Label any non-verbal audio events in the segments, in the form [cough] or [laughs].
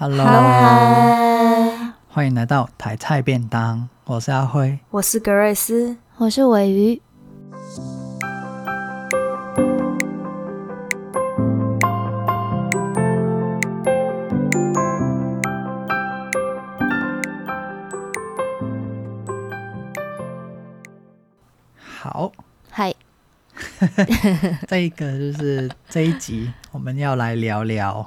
Hello，hi, hi. 歡迎來到台菜便當。我是阿輝，我是格瑞斯，我是尾魚。好，嗨， [laughs] 這一個就是這一集我們要來聊聊。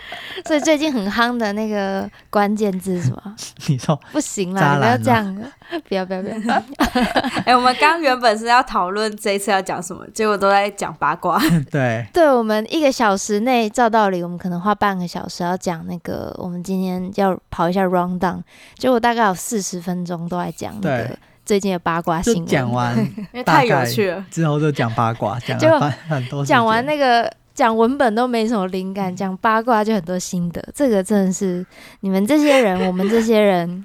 [laughs] 所以最近很夯的那個關鍵字是什麼？你說不行啦，不要這樣，不要不要不要！哎 [laughs] [laughs] 欸，我們剛原本是要討論這一次要講什麼，結果都在講八卦。 [laughs] 對對，我們一個小時內，照道理我們可能花半個小時要講那個，我們今天要跑一下 rundown，結果大概有四十分鐘都在講那個最近的八卦新聞。講完， [laughs] 因為太有趣了，之後就講八卦，講 [laughs] 完結果 [laughs] 很多。講完那個。講文本都沒什麼靈感，講八卦就很多心得。這個真的是你們這些人，我們這些人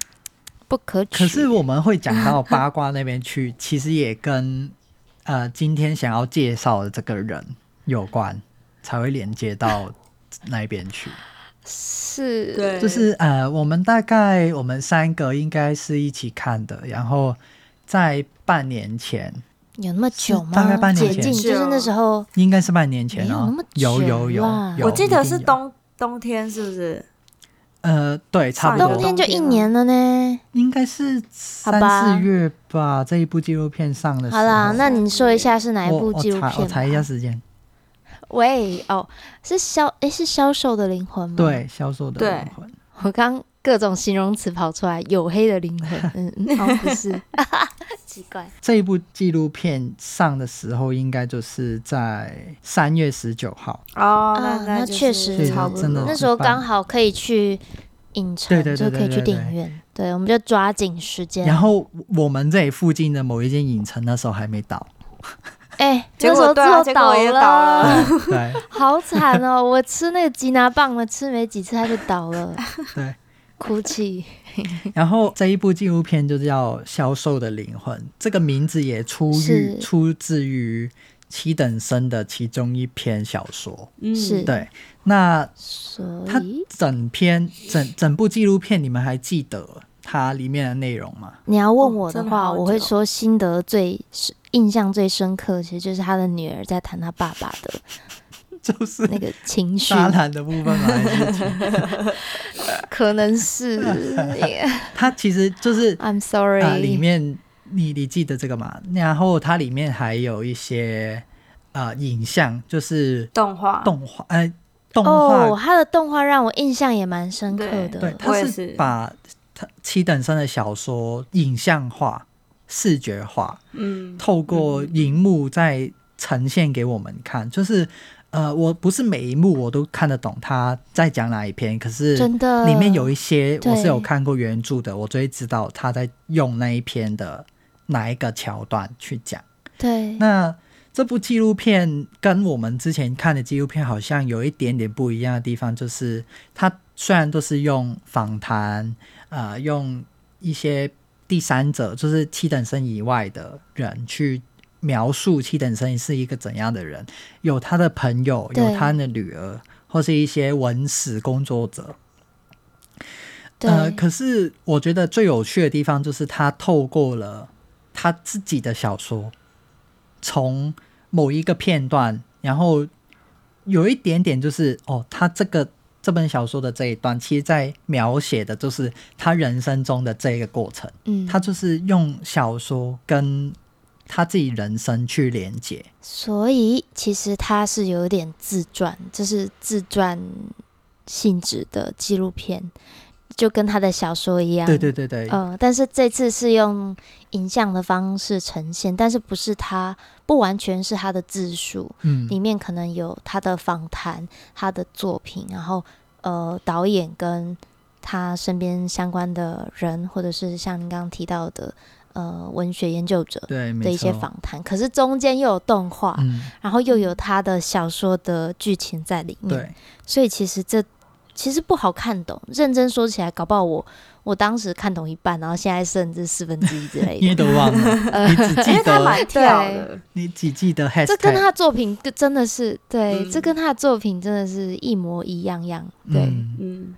不可取。可是我們會講到八卦那邊去， [laughs] 其實也跟呃今天想要介紹的這個人有關，才會連接到那邊去。 [laughs] 是，對。就是呃，我們大概我們三個應該是一起看的，然後在半年前。有那麼久嗎？大概半年前，就是那時候，應該是半年前哦。有那麼久、啊？有有有，有，我記得是冬冬天，是不是？呃，對，差不多。冬天就一年了呢。應該是三四月吧、吧。這一部紀錄片上的時候。好啦，那你說一下是哪一部紀錄片？我查一下時間。喂，哦，是削誒、欸，是削瘦的靈魂嗎？對，削瘦的靈魂。我剛各種形容詞跑出來，黝黑的靈魂。 [laughs] 嗯嗯、哦，不是。 [laughs] 奇怪這一部紀錄片上的時候，應該就是在三月十九號哦，啊、那就是、那確實差不多，那時候剛好可以去影城，對對對對對對對對，就可以去電影院，對，我們就抓緊時間。然後我們這裡附近的某一間影城那時候還沒倒，哎、欸，結果之後倒了， [laughs] 結果也倒了，好慘哦！我吃那個吉拿棒我吃沒幾次他就倒了， [laughs] 對。哭泣。 [laughs] 然後這一部紀錄片就叫《削瘦的靈魂》，這個名字也出於出自於《七等生》的其中一篇小說。是、嗯、對。那所以整篇整整部紀錄片，你們還記得它裡面的內容嗎？你要問我的話，哦、的我會說心得最印象最深刻，其實就是他的女兒在談他爸爸的，就是那個情緒的部分 [laughs] 可能是， [laughs] 它其實就是 [laughs] I'm sorry。呃、裡面你你記得這個嗎？然後它裡面還有一些啊、呃、影像，就是動畫、呃，動畫，哎，哦，它的動畫讓我印象也蠻深刻的。對對它是把是它七等生的小說影像化、視覺化，嗯，透過熒幕再呈現給我們看，嗯、就是。呃，我不是每一幕我都看得懂他在講哪一篇，可是裡面有一些我是有看過原著的，真的，我最知道他在用那一篇的哪一個橋段去講。對，那這部紀錄片跟我們之前看的紀錄片好像有一點點不一樣的地方，就是他雖然都是用訪談，啊、呃，用一些第三者，就是七等生以外的人去。描述七等生是一個怎樣的人？有他的朋友，有他的女兒，或是一些文史工作者。呃，可是我覺得最有趣的地方就是他透過了他自己的小說，從某一個片段，然後有一點點就是哦，他這個這本小說的這一段，其實在描寫的，就是他人生中的這個過程。嗯，他就是用小說跟。他自己人生去連接，所以其實他是有點自傳，就是自傳性質的紀錄片，就跟他的小說一樣。對對對對，呃，但是這次是用影像的方式呈現，但是不是他，不完全是他的自述，嗯，裡面可能有他的訪談、他的作品，然後呃，導演跟他身邊相關的人，或者是像您剛剛提到的。呃，文學研究者的一些訪談，可是中間又有動畫、嗯，然後又有他的小說的劇情在裡面。所以其實這其實不好看懂。認真說起來，搞不好我我當時看懂一半，然後現在甚至四分之一之類的， [laughs] 你都忘了、呃，你只記得。蠻跳的，你只記得。這跟他的作品真的是對、嗯，這跟他的作品真的是一模一樣樣。對，嗯嗯，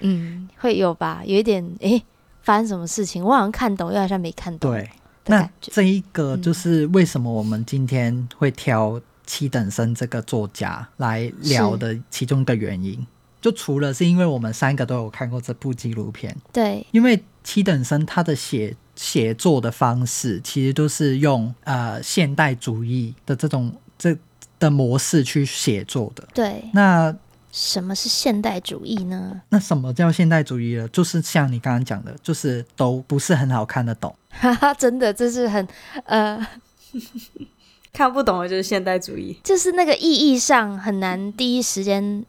嗯，會有吧？有一點，哎、欸。發生什麼事情？我好像看懂，又好像沒看懂。對，那這一個就是為什麼我們今天會挑七等生這個作家來聊的其中一個原因，就除了是因為我們三個都有看過這部紀錄片。對，因為七等生他的寫寫作的方式，其實都是用呃現代主義的這種這的模式去寫作的。對，那。什麼是現代主義呢？那什麼叫現代主義呢？就是像你剛剛講的，就是都不是很好看得懂。哈哈，真的這、就是很呃， [laughs] 看不懂的就是現代主義，就是那個意義上很難第一時間，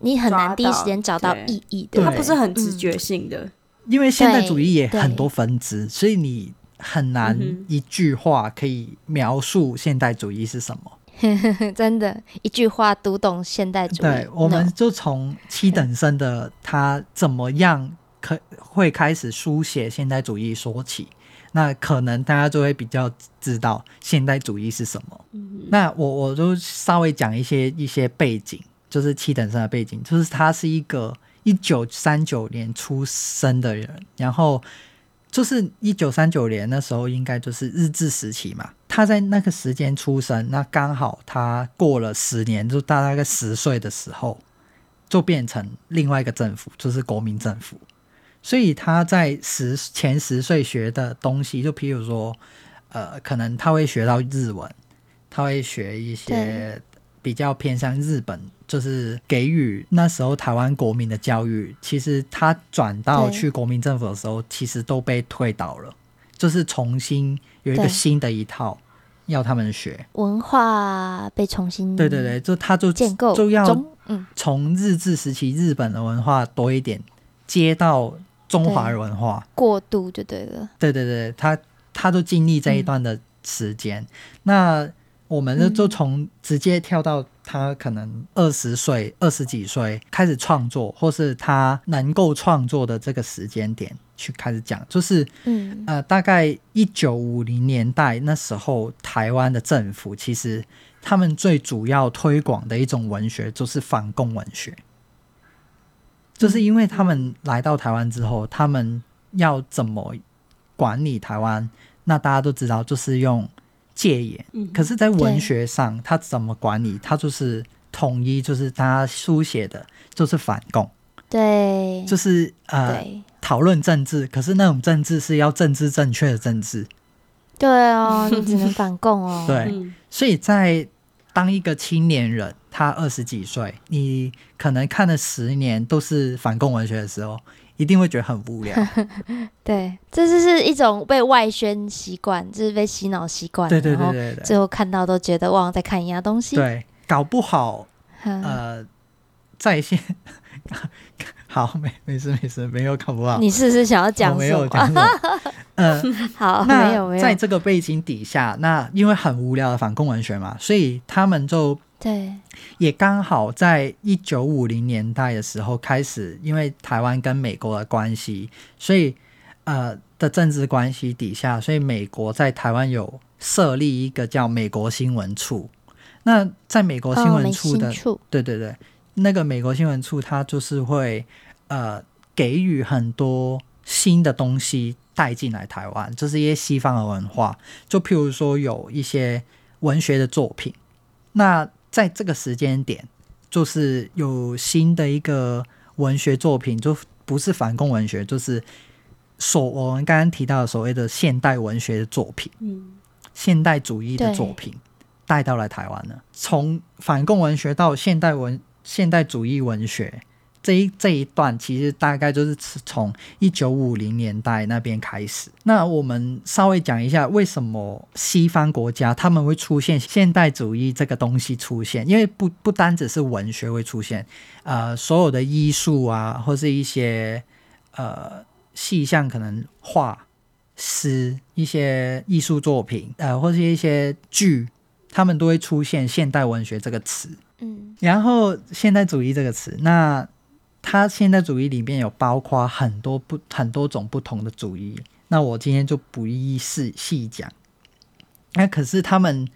你很難第一時間找到意義的，它不是很直覺性的、嗯。因為現代主義也很多分支，所以你很難一句話可以描述現代主義是什麼。 [laughs] 真的，一句話讀懂現代主義。對，我們就從七等生的他怎麼樣可以開始書寫現代主義說起，那可能大家就會比較知道現代主義是什麼。那我我就稍微講一些一些背景，就是七等生的背景，就是他是一個一九三九年出生的人，然後就是一九三九年那時候應該就是日治時期嘛。他在那個時間出生，那剛好他過了十年，就大概個十歲的時候，就變成另外一個政府，就是國民政府。所以他在十前十歲學的東西，就譬如說，呃，可能他會學到日文，他會學一些比較偏向日本，就是給予那時候台灣國民的教育。其實他轉到去國民政府的時候，其實都被推倒了。就是重新有一個新的一套要他們學文化，被重新，對對對，就他就建構中，嗯，就要從日治時期日本的文化多一點，接到中華文化過渡就對了，對對對，他他都經歷這一段的時間，嗯，那我們就就從直接跳到。他可能二十歲、二十幾歲開始創作，或是他能夠創作的這個時間點去開始講，就是，嗯，呃，大概一九五零年代那時候，台灣的政府其實他們最主要推廣的一種文學就是反共文學，就是因為他們來到台灣之後，他們要怎麼管理台灣，那大家都知道，就是用。戒嚴可是，在文學上，他、嗯、怎麼管理？他就是統一，就是他書寫的，就是反共，對，就是呃，討論政治。可是那種政治是要政治正確的政治，對啊、哦，你只能反共哦。 [laughs] 對，所以在當一個青年人，他二十幾歲，你可能看了十年都是反共文學的時候。一定會覺得很無聊，呵呵對，這是是一種被外宣習慣，就是被洗腦習慣，對對對對，最後看到都覺得忘了在看一樣東西，對，搞不好呃在線呵呵好沒沒事沒事沒有搞不好，你是不是想要講？我沒有、 [laughs] 呃、好，那，沒有，沒有。在這個背景底下，那因為很無聊的反共文學嘛，所以他們就。對，也剛好在一九五零年代的時候開始，因為台灣跟美國的關係，所以呃的政治關係底下，所以美國在台灣有設立一個叫美國新聞處。那在美國新聞處的、哦，對對對，那個美國新聞處它就是會呃給予很多新的東西帶進來台灣，就是一些西方的文化，就譬如說有一些文學的作品，那。在這個時間點，就是有新的一個文學作品，就不是反共文學，就是所我們剛剛提到的所謂的現代文學的作品，嗯、現代主義的作品帶到了台灣了。從反共文學到現代文現代主義文學。這一這一段其實大概就是從一九五零年代那邊開始。那我們稍微講一下，為什麼西方國家他們會出現現代主義這個東西出現？因為不不單只是文學會出現，呃，所有的藝術啊，或是一些呃，戲，像可能畫、詩一些藝術作品，呃，或是一些劇，他們都會出現現代文學這個詞。嗯，然後現代主義這個詞，那。他現代主義裡面有包括很多不很多種不同的主義，那我今天就不一一細細講。那、啊、可是他們，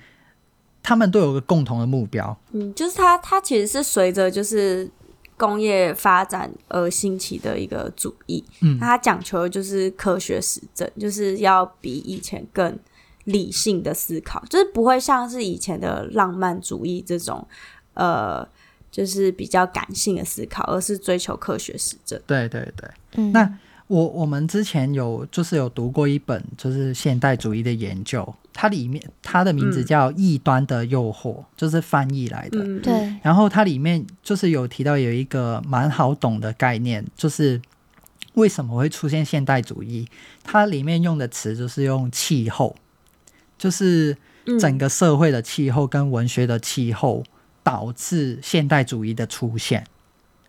他們都有個共同的目標，嗯，就是他他其實是隨着就是工業發展而興起的一個主義，嗯，他講求的就是科學實證，就是要比以前更理性的思考，就是不會像是以前的浪漫主義這種，呃。就是比較感性的思考，而是追求科學實證。對對對，嗯。那我我們之前有就是有讀過一本，就是現代主義的研究，它裡面它的名字叫《異端的誘惑》嗯，就是翻譯來的。對，嗯。然後它裡面就是有提到有一個蠻好懂的概念，就是為什麼會出現現代主義？它裡面用的詞就是用氣候，就是整個社會的氣候跟文學的氣候。嗯導致現代主義的出現。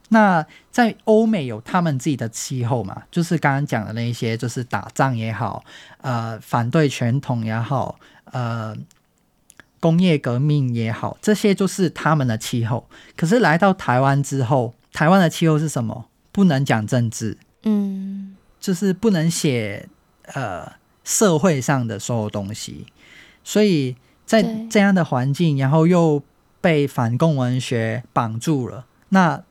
那在歐美有他們自己的氣候嘛，就是剛剛講的那些，就是打仗也好，呃，反對傳統也好，呃，工業革命也好，這些就是他們的氣候。可是來到台灣之後，台灣的氣候是什麼？不能講政治，嗯，就是不能寫呃社會上的所有東西。所以在這樣的環境，然後又。被反共文學綁住了，那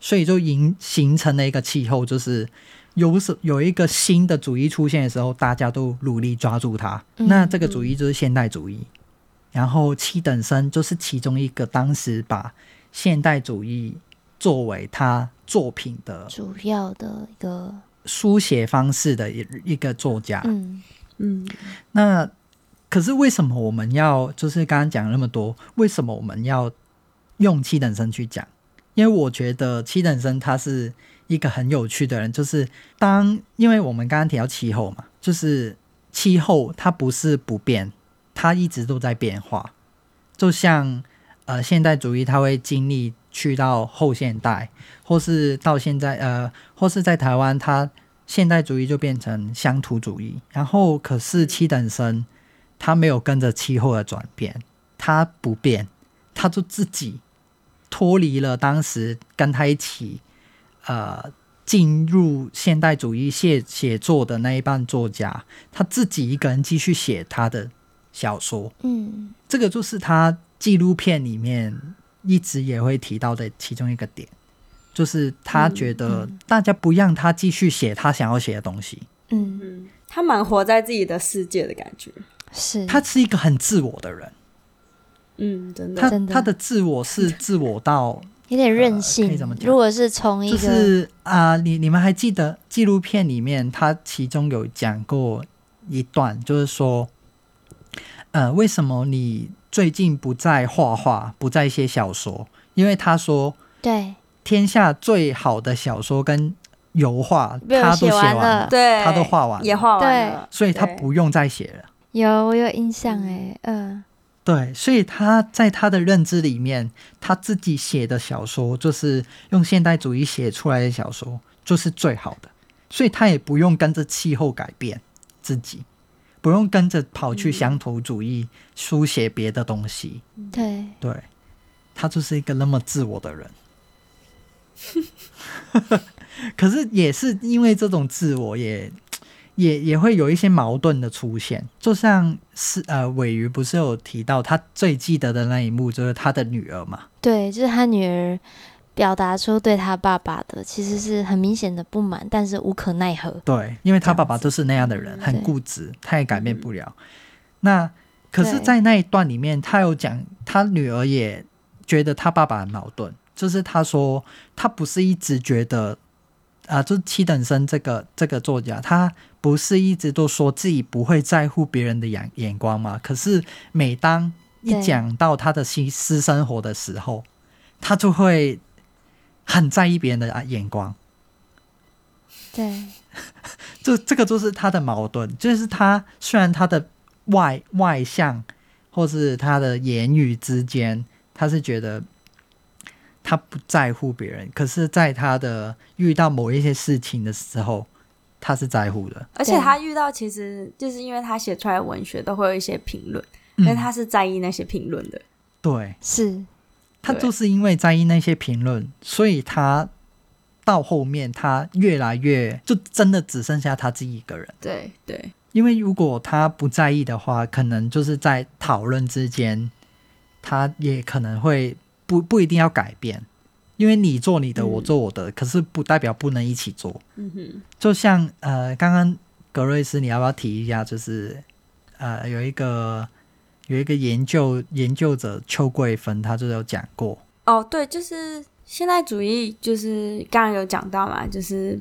所以就形形成了一個氣候，就是有有一個新的主義出現的時候，大家都努力抓住它。那這個主義就是現代主義，嗯嗯然後七等生就是其中一個，當時把現代主義作為他作品的主要的一個書寫方式的一一個作家。嗯嗯，那。可是為什麼我們要就是剛剛講了那麼多？為什麼我們要用七等生去講？因為我覺得七等生他是一個很有趣的人。就是當因為我們剛剛提到氣候嘛，就是氣候它不是不變，它一直都在變化。就像呃現代主義，它會經歷去到後現代，或是到現在呃，或是在台灣，它現代主義就變成鄉土主義。然後可是七等生。他沒有跟着氣候的轉變，他不變，他就自己脫離了當時跟他一起，呃，進入現代主義寫寫作的那一班作家，他自己一個人繼續寫他的小說。嗯，這個就是他紀錄片裡面一直也會提到的其中一個點，就是他覺得大家不讓他繼續寫他想要寫的東西。嗯，嗯嗯，他蠻活在自己的世界的感覺。是他是一個很自我的人，嗯，真的，他他的自我是自我到 [laughs] 有點任性，呃、怎麼講？如果是從一個啊、就是呃，你你們還記得紀錄片裡面他其中有講過一段，就是說，呃，為什麼你最近不再畫畫，不再寫小說？因為他說，對，天下最好的小說跟油畫，他都寫完了，對，他都畫完了，也畫完了，所以他不用再寫了。有，我有印象哎，嗯、呃，對，所以他在他的認知裡面，他自己寫的小說就是用現代主義寫出來的小說就是最好的，所以他也不用跟着氣候改變自己，不用跟着跑去鄉土主義書寫別的東西，嗯，對，對，他就是一個那麼自我的人， [laughs] 可是也是因為這種自我也也也會有一些矛盾的出現，就像是呃，瑋瑜不是有提到他最記得的那一幕，就是他的女兒嘛？對，就是他女兒表達出對他爸爸的其實是很明顯的不滿，但是無可奈何。對，因為他爸爸都是那樣的人，很固執，他也改變不了。嗯、那可是，在那一段裡面，他有講他女兒也覺得他爸爸很矛盾，就是他說他不是一直覺得。啊，就是七等生這個這個作家，他不是一直都說自己不會在乎別人的眼眼光嗎？可是每當一講到他的私私生活的時候，他就會很在意別人的眼光。對，這 [laughs] 這個就是他的矛盾，就是他雖然他的外外向，或是他的言語之間，他是覺得。他不在乎別人，可是，在他的遇到某一些事情的時候，他是在乎的。而且，他遇到其實就是因為他寫出來文學都會有一些評論，但、嗯、他是在意那些評論的。對，是。他就是因為在意那些評論，所以他到後面他越來越就真的只剩下他自己一個人。對對。因為如果他不在意的話，可能就是在討論之間，他也可能會。不不一定要改變，因為你做你的，我做我的，嗯、可是不代表不能一起做。嗯哼，就像呃，剛剛格瑞斯，你要不要提一下？就是呃，有一個有一個研究研究者邱桂芬，他就有講過。哦，對，就是現代主義，就是剛剛有講到嘛，就是。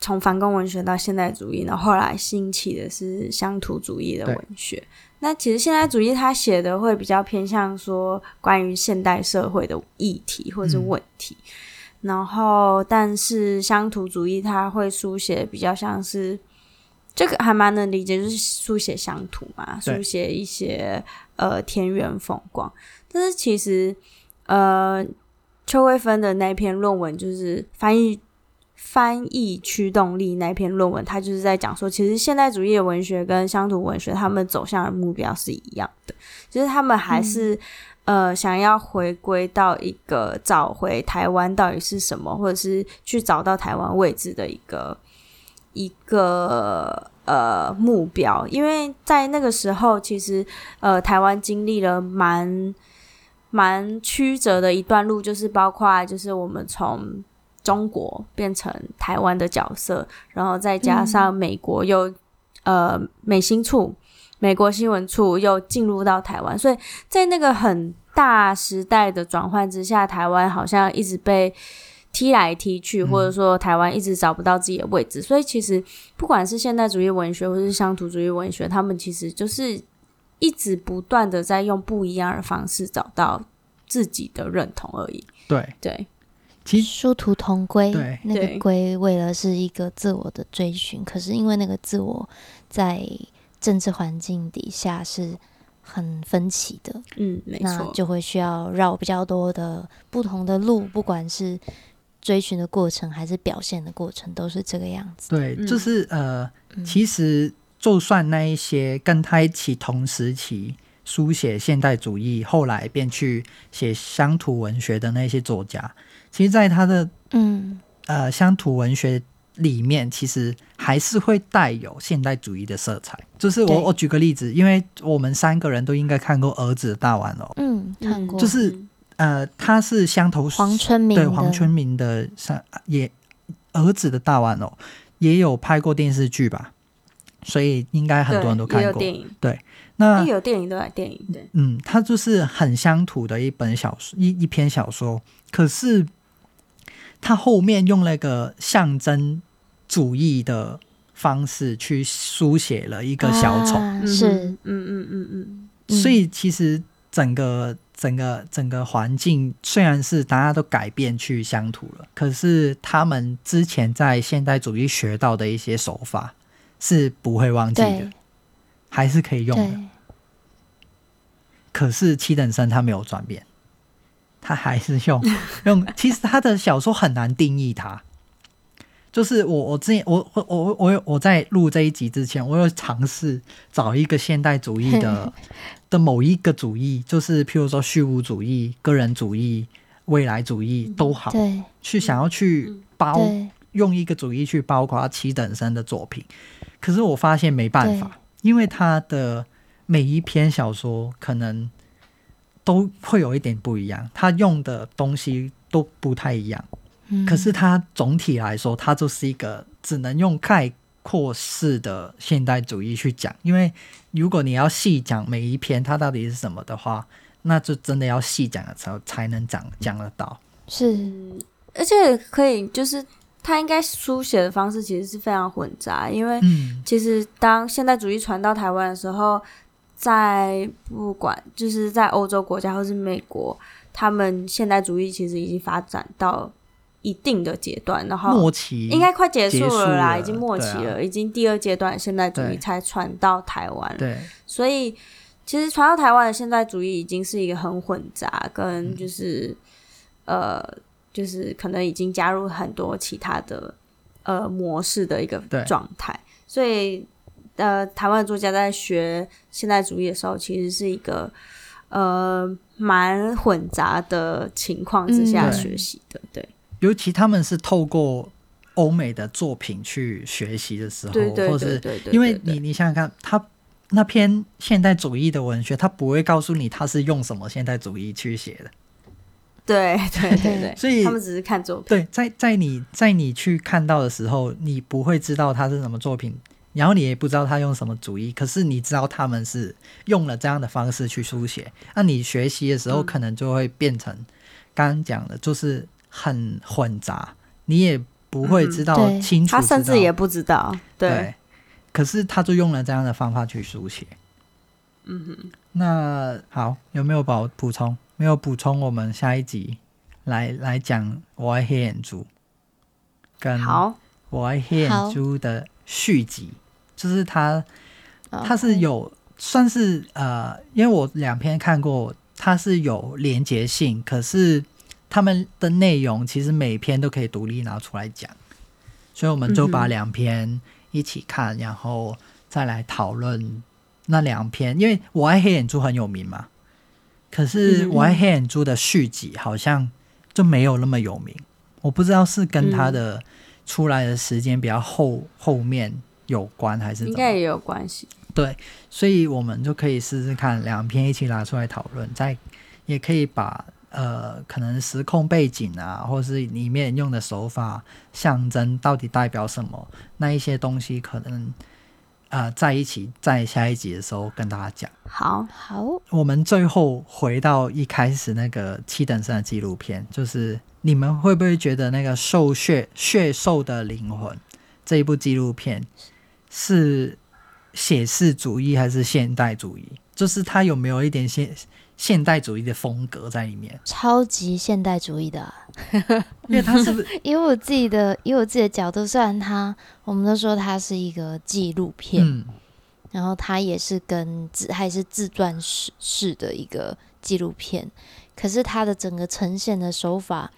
從反共文學到現代主義，然後，後來興起的是鄉土主義的文學。那其實現代主義他寫的會比較偏向說關於現代社會的議題或是問題，嗯、然後但是鄉土主義他會書寫比較像是這個還蠻能理解，就是書寫鄉土嘛，書寫一些呃田園風光。但是其實呃邱慧芬的那篇論文就是翻譯。翻譯驅動力那篇論文，他就是在講說，其實現代主義的文學跟鄉土文學，他們走向的目標是一樣的，就是他們還是、嗯、呃想要回歸到一個找回台灣到底是什麼，或者是去找到台灣位置的一個一個呃目標，因為在那個時候，其實呃台灣經歷了蠻蠻曲折的一段路，就是包括就是我們從。中國變成台灣的角色，然後再加上美國又、嗯、呃美新處美國新聞處又進入到台灣，所以在那個很大時代的轉換之下，台灣好像一直被踢來踢去，或者說台灣一直找不到自己的位置。嗯、所以其實不管是現代主義文學或是鄉土主義文學，他們其實就是一直不斷地在用不一樣的方式找到自己的認同而已。對對。其實殊途同歸，那個歸為了是一個自我的追尋，可是因為那個自我在政治環境底下是很分歧的，嗯，沒錯，那就會需要繞比較多的不同的路，不管是追尋的過程還是表現的過程，都是這個樣子。對，就是、嗯、呃，其實就算那一些跟他一起同時期書寫現代主義，後來便去寫鄉土文學的那些作家。其實，在他的嗯呃鄉土文學裡面，嗯、其實還是會帶有現代主義的色彩。就是我我舉個例子，因為我們三個人都應該看過《兒子的大玩偶》喔。嗯，看過。就是呃，他是鄉土黃春明對黃春明的三也《兒子的大玩偶》喔、也有拍過電視劇吧，所以應該很多人都看過。電影對，那有電影對電影對，嗯，他就是很鄉土的一本小說一一篇小說，可是。他後面用那個象徵主義的方式去書寫了一個小丑，啊、是，嗯嗯嗯嗯，所以其實整個整個整個環境雖然是大家都改變去鄉土了，可是他們之前在現代主義學到的一些手法是不會忘記的，還是可以用的。可是七等生他沒有轉變。他還是用用，其實他的小說很難定義他。他 [laughs] 就是我，我之前我我我我我在錄這一集之前，我有嘗試找一個現代主義的的某一個主義， [laughs] 就是譬如說虛無主義、個人主義、未來主義都好，嗯、去想要去包、嗯、用一個主義去包括他七等生的作品。可是我發現沒辦法，因為他的每一篇小說可能。都會有一點不一樣，他用的東西都不太一樣。嗯。可是他總體來說，他就是一個只能用概括式的現代主義去講。因為如果你要細講每一篇他到底是什麼的話，那就真的要細講的時候才能講講得到。是，而且可以，就是他應該書寫的方式其實是非常混雜，因為其實當現代主義傳到台灣的時候。嗯在不管就是在歐洲國家或是美國，他們現代主義其實已經發展到一定的階段，然後應該快結束了啦末期結束了，已經末期了，啊、已經第二階段現代主義才傳到台灣了對，所以其實傳到台灣的現代主義已經是一個很混雜，跟就是、嗯、呃，就是可能已經加入很多其他的呃模式的一個狀態，所以。呃，台灣作家在學現代主義的時候，其實是一個呃蠻混雜的情況之下學習的、嗯對，對。尤其他們是透過歐美的作品去學習的時候，對對對對，或是因為你你想想看，他那篇現代主義的文學，他不會告訴你他是用什麼現代主義去寫的，對對對對。對對 [laughs] 所以他們只是看作品，對，在在你在你去看到的時候，你不會知道他是什麼作品。然後你也不知道他用什麼主意，可是你知道他們是用了這樣的方式去書寫。那、啊、你學習的時候，可能就會變成、嗯、剛剛講的，就是很混雜，你也不會知道、嗯、清楚知道。他甚至也不知道對，對。可是他就用了這樣的方法去書寫。嗯哼。那好，有沒有補補充？沒有補充，我們下一集來來講《我愛黑眼珠》跟《我愛黑眼珠》好《我愛黑眼珠》的續集。就是他，他是有、okay. 算是，呃，因為我兩篇看過，他是有連接性，可是他們的內容其實每篇都可以獨立拿出來講，所以我們就把兩篇一起看，嗯、然後再來討論那兩篇。因為我愛黑眼珠很有名嘛，可是我愛黑眼珠的續集好像就沒有那麼有名，我不知道是跟他的出來的時間比較後後面。有關還是什麼？應該也有關係，對，所以我們就可以試試看兩篇一起拿出來討論，再也可以把呃可能時空背景啊，或是裡面用的手法、象徵到底代表什麼，那一些東西可能呃在一起，在下一集的時候跟大家講。好，好，我們最後回到一開始那個七等生的紀錄片，就是你們會不會覺得那個瘦削、削瘦的靈魂這一部紀錄片？是寫實主義還是現代主義？就是它有沒有一點現現代主義的風格在裡面？超級現代主義的、啊， [laughs] 因為它他是因 [laughs] 為我自己的，以我自己的角度，雖然它我們都說它是一個紀錄片、嗯，然後它也是跟自還是自傳式式的一個紀錄片，可是它的整個呈現的手法，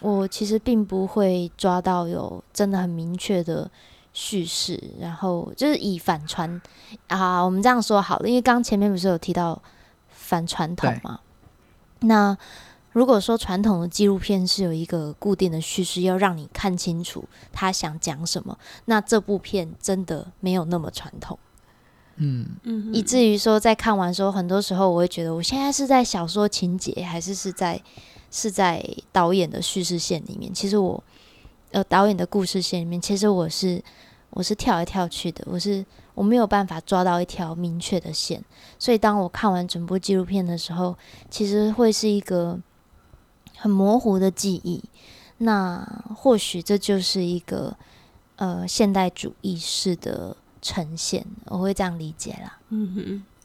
我其實並不會抓到有真的很明確的。敘事，然後就是以反傳啊，我們這樣說好了，因為剛前面不是有提到反傳統嘛？那如果說傳統的紀錄片是有一個固定的敘事，要讓你看清楚他想講什麼，那這部片真的沒有那麼傳統。嗯嗯，以至於說在看完的時候，很多時候我會覺得，我現在是在小說情節，還是是在是在導演的敘事線裡面？其實我呃，導演的故事線裡面，其實我是。我是跳來跳去的，我是我沒有辦法抓到一條明確的線，所以當我看完整部紀錄片的時候，其實會是一個很模糊的記憶。那或許這就是一個呃現代主義式的呈現，我會這樣理解啦。嗯。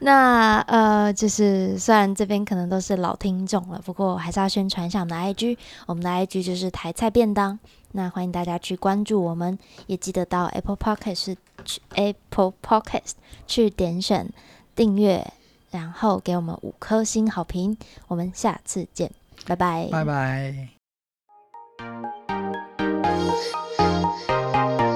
那呃，就是雖然這邊可能都是老聽眾了，不過還是要宣傳一下我們的 IG。我們的 IG 就是台菜便當，那歡迎大家去關注我們，也記得到 Apple Podcast 去 Apple Podcast 去點選訂閱，然後給我們五顆星好評。我們下次見，拜拜，拜拜。 [music]